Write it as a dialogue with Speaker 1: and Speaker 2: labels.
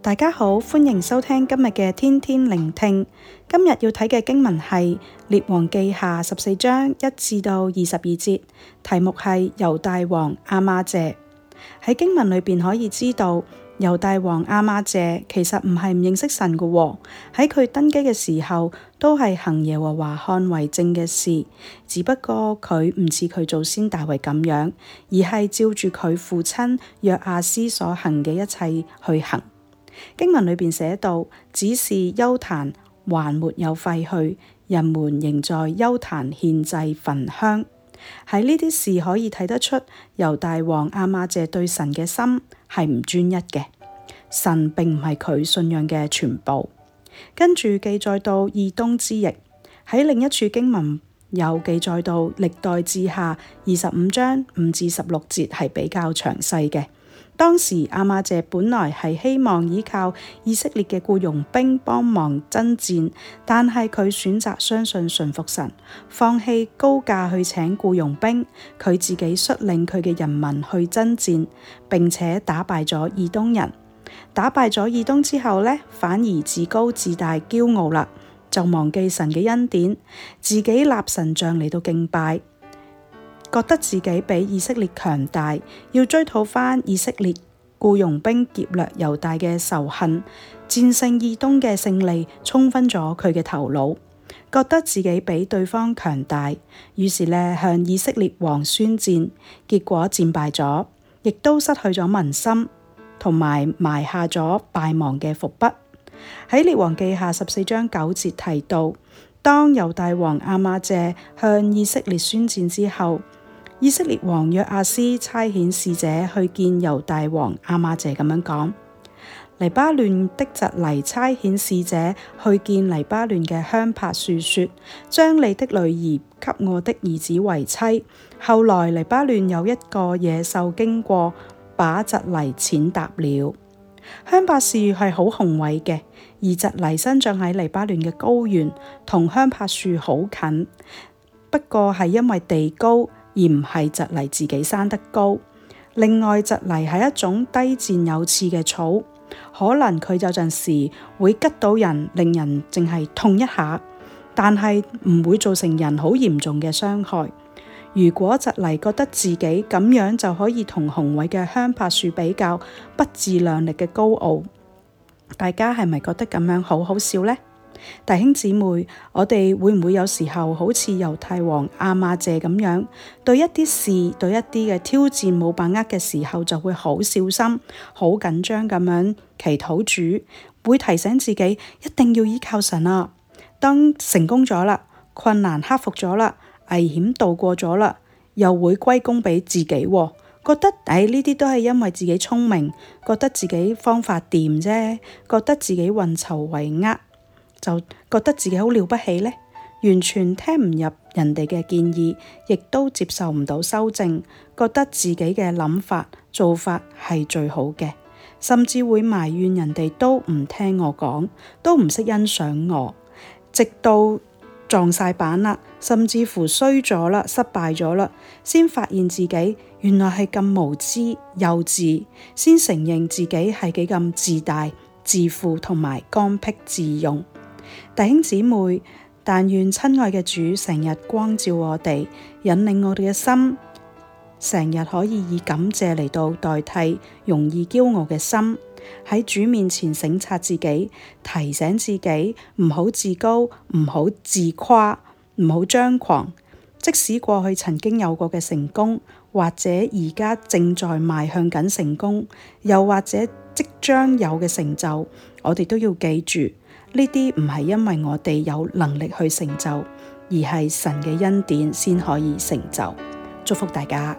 Speaker 1: 大家好，歡迎收聽今日嘅天天靈聽。今日要睇嘅經文係《列王紀下》十四章一至到二十二節，題目係「猶大王：亞瑪謝」。喺經文裏邊可以知道，猶大王亞瑪謝其實唔係唔認識神嘅喎、哦。喺佢登基嘅時候都係行耶和華看為正嘅事，只不過佢唔似佢祖先大衛咁樣，而係照住佢父親約阿施所行嘅一切去行。經文裏面寫到，只是邱壇還沒有廢去，人們仍在邱壇獻祭焚香。喺呢啲事可以睇得出，猶大王亞瑪謝對神嘅心係唔專一嘅。神並唔係佢信仰嘅全部。跟住記載到以東之役，喺另一處經文又記載到歷代志下二十五章五至十六節係比較詳細嘅。當時亞瑪謝本來係希望依靠以色列嘅僱傭兵幫忙爭戰，但係佢選擇相信順服神，放棄高價去請僱傭兵，佢自己率領佢嘅人民去爭戰，並且打敗咗以東人。打敗咗以東之後呢，反而自高自大、驕傲啦，就忘記神嘅恩典，自己立神像嚟到敬拜。覺得自己比以色列強大，要追討返以色列僱傭兵劫掠猶大嘅仇恨，戰勝以東嘅勝利沖昏咗佢嘅頭腦，覺得自己比對方強大，於是呢，向以色列王宣戰，結果戰敗咗，亦都失去咗民心，同埋埋下咗敗亡嘅伏筆。喺《列王紀下》十四章九節提到，當猶大王亞瑪謝向以色列宣戰之後。以色列王約阿施差遣使者去見猶大王亞瑪謝咁樣講。黎巴嫩的蒺藜差遣使者去見黎巴嫩嘅香柏樹，說，將你的女兒給我的兒子為妻。後來黎巴嫩有一個野獸經過，把蒺藜踐踏了。香柏樹係好宏偉嘅，而蒺藜生長喺黎巴嫩嘅高原，同香柏樹好近，不過係因為地高，而唔係蒺藜自己生得高。另外，蒺藜係一種低賤有刺嘅草，可能佢有陣時會吉到人，令人淨係痛一下，但係唔會造成人好嚴重嘅傷害。如果蒺藜覺得自己咁樣就可以同雄偉嘅香柏樹比較不自量力嘅高傲，大家係咪覺得咁樣好好笑咧？弟兄姊妹，我哋會唔會有時候好似猶大王阿瑪謝咁樣，對一啲事，對一啲嘅挑戰冇把握嘅時候，就會好小心、好緊張咁樣祈禱主，會提醒自己一定要依靠神啊。當成功咗啦，困難克服咗啦，危險度過咗啦，又會歸功畀自己，啊，覺得誒呢啲都係因為自己聰明，覺得自己方法掂啫，覺得自己運籌帷幄，就覺得自己好了不起呢，完全聽唔入人哋嘅建議，亦都接受唔到修正，覺得自己嘅諗法做法係最好嘅，甚至會埋怨人哋都唔聽我講，都唔識欣賞我，直到撞晒板啦，甚至乎衰咗啦，失敗咗啦，先發現自己原來係咁無知幼稚，先承認自己係幾咁自大、自負同埋剛愎自用。弟兄姊妹，但願親愛嘅主成日光照我哋，引領我哋嘅心，成日可以以感謝嚟到代替容易驕傲嘅心，喺主面前省察自己，提醒自己唔好自高，唔好自誇，唔好張狂。即使過去曾經有過嘅成功，或者而家正在邁向緊成功，又或者即將有嘅成就，我哋都要記住。呢啲唔係因為我哋有能力去成就，而係神嘅恩典先可以成就。祝福大家。